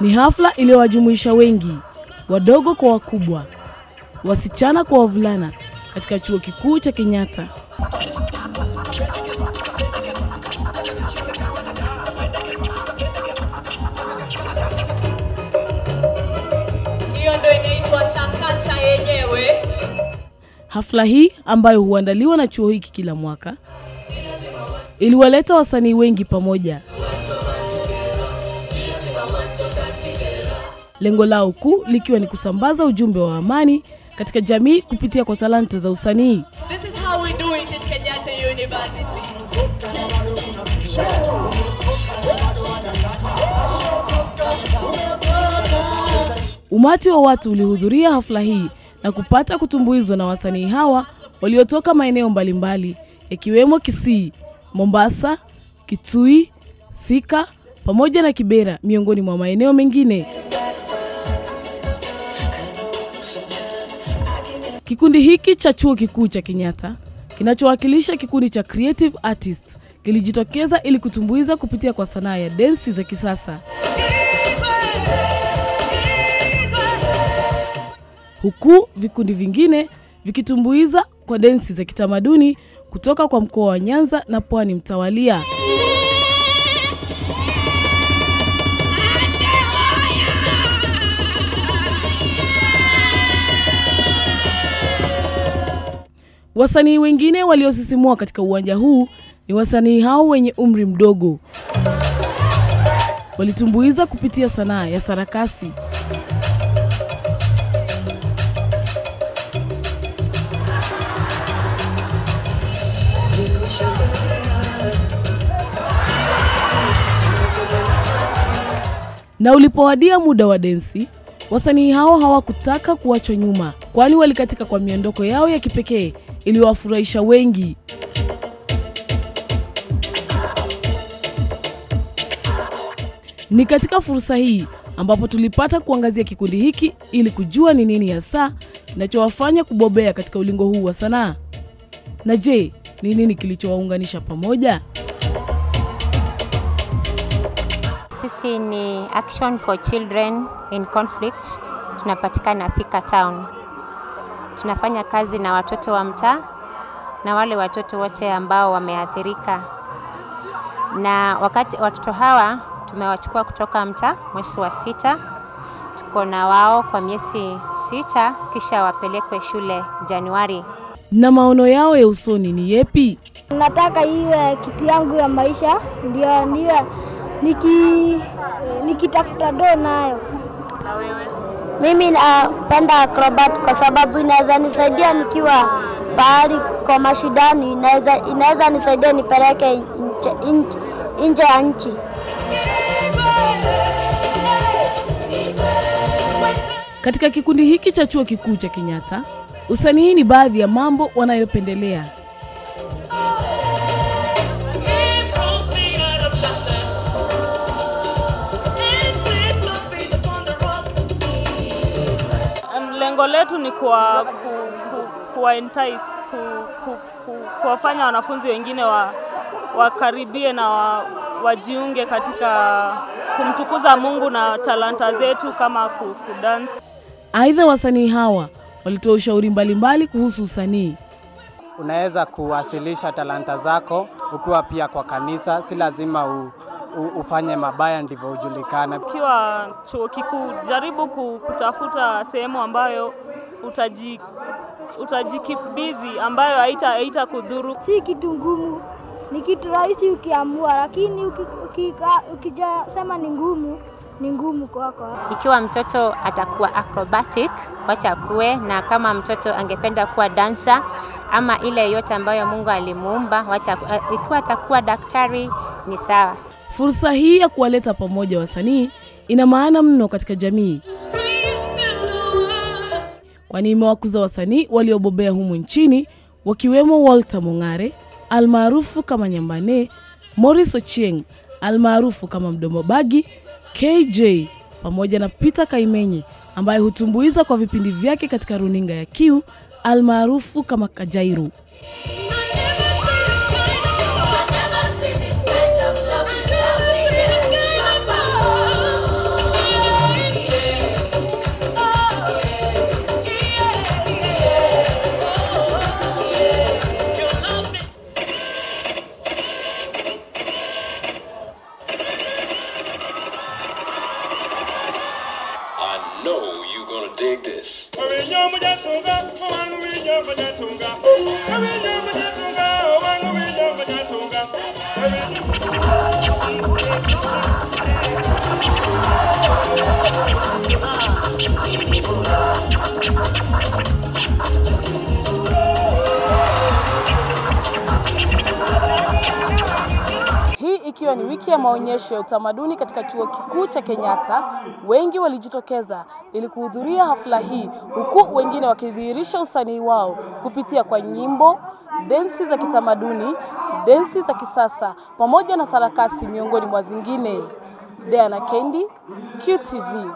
Ni hafla iliyowajumuisha wengi, wadogo kwa wakubwa, wasichana kwa wavulana, katika chuo kikuu cha Kenyatta. Hiyo ndio inaitwa chakacha yenyewe. Hafla hii ambayo huandaliwa na chuo hiki kila mwaka iliwaleta wasanii wengi pamoja lengo lao kuu likiwa ni kusambaza ujumbe wa amani katika jamii kupitia kwa talanta za usanii. This is how we do it in Kenyatta University. Umati wa watu ulihudhuria hafla hii na kupata kutumbuizwa na wasanii hawa waliotoka maeneo mbalimbali yakiwemo Kisii, Mombasa, Kitui, Thika pamoja na Kibera miongoni mwa maeneo mengine. Kikundi hiki cha chuo kikuu cha Kenyatta kinachowakilisha kikundi cha Creative Artists kilijitokeza ili kutumbuiza kupitia kwa sanaa ya densi za kisasa, huku vikundi vingine vikitumbuiza kwa densi za kitamaduni kutoka kwa mkoa wa Nyanza na pwani mtawalia. Wasanii wengine waliosisimua katika uwanja huu ni wasanii hao wenye umri mdogo, walitumbuiza kupitia sanaa ya sarakasi. Na ulipowadia muda wa densi, wasanii hao hawakutaka kuachwa nyuma, kwani walikatika kwa miondoko yao ya kipekee iliyowafurahisha wengi. Ni katika fursa hii ambapo tulipata kuangazia kikundi hiki ili kujua ni nini hasa kinachowafanya kubobea katika ulingo huu wa sanaa, na je, ni nini kilichowaunganisha pamoja? Sisi ni Action for Children in Conflict, tunapatikana Thika Town tunafanya kazi na watoto wa mtaa na wale watoto wote ambao wameathirika, na wakati watoto hawa tumewachukua kutoka mtaa mwezi wa sita, tuko na wao kwa miezi sita, kisha wapelekwe shule Januari. Na maono yao ya usoni ni yepi? Nataka iwe kitu yangu ya maisha, ndio niwe niki, eh, nikitafuta doo nayo. Na wewe? Mimi napenda acrobat kwa sababu inaweza nisaidia nikiwa pahali kwa mashidani, inaweza nisaidia nipeleke nje ya nchi. Katika kikundi hiki cha chuo kikuu cha Kenyatta, usanii ni baadhi ya mambo wanayopendelea. lengo letu ni kuwa, ku, ku, kuwa entice, ku, ku, ku, kuwafanya wanafunzi wengine wa, wakaribie na wa, wajiunge katika kumtukuza Mungu na talanta zetu kama dance. Aidha, wasanii hawa walitoa ushauri mbalimbali kuhusu usanii. Unaweza kuwasilisha talanta zako ukiwa pia kwa kanisa, si lazima u ufanye mabaya ndivyo hujulikana. Ukiwa chuo kikuu, jaribu kutafuta sehemu ambayo utaji utajikibizi ambayo haita haita kudhuru. Si kitu ngumu, ni kitu rahisi ukiamua, lakini ukijasema ni ngumu ni ngumu kwako. Ikiwa mtoto atakuwa acrobatic, wacha kuwe na kama mtoto angependa kuwa dansa ama ile yote ambayo Mungu alimuumba, wacha eh, ikiwa atakuwa daktari ni sawa. Fursa hii ya kuwaleta pamoja wasanii ina maana mno katika jamii, kwani imewakuza wasanii waliobobea humu nchini wakiwemo Walter Mong'are almaarufu kama Nyambane, Morris Ochieng almaarufu kama Mdomo Bagi, KJ pamoja na Peter Kaimenyi ambaye hutumbuiza kwa vipindi vyake katika runinga ya Kiu almaarufu kama Kajairu. Hooray! ikiwa ni wiki ya maonyesho ya utamaduni katika chuo kikuu cha Kenyatta, wengi walijitokeza ili kuhudhuria hafla hii, huku wengine wakidhihirisha usanii wao kupitia kwa nyimbo, densi za kitamaduni, densi za kisasa pamoja na sarakasi miongoni mwa zingine. Diana Kendi, QTV.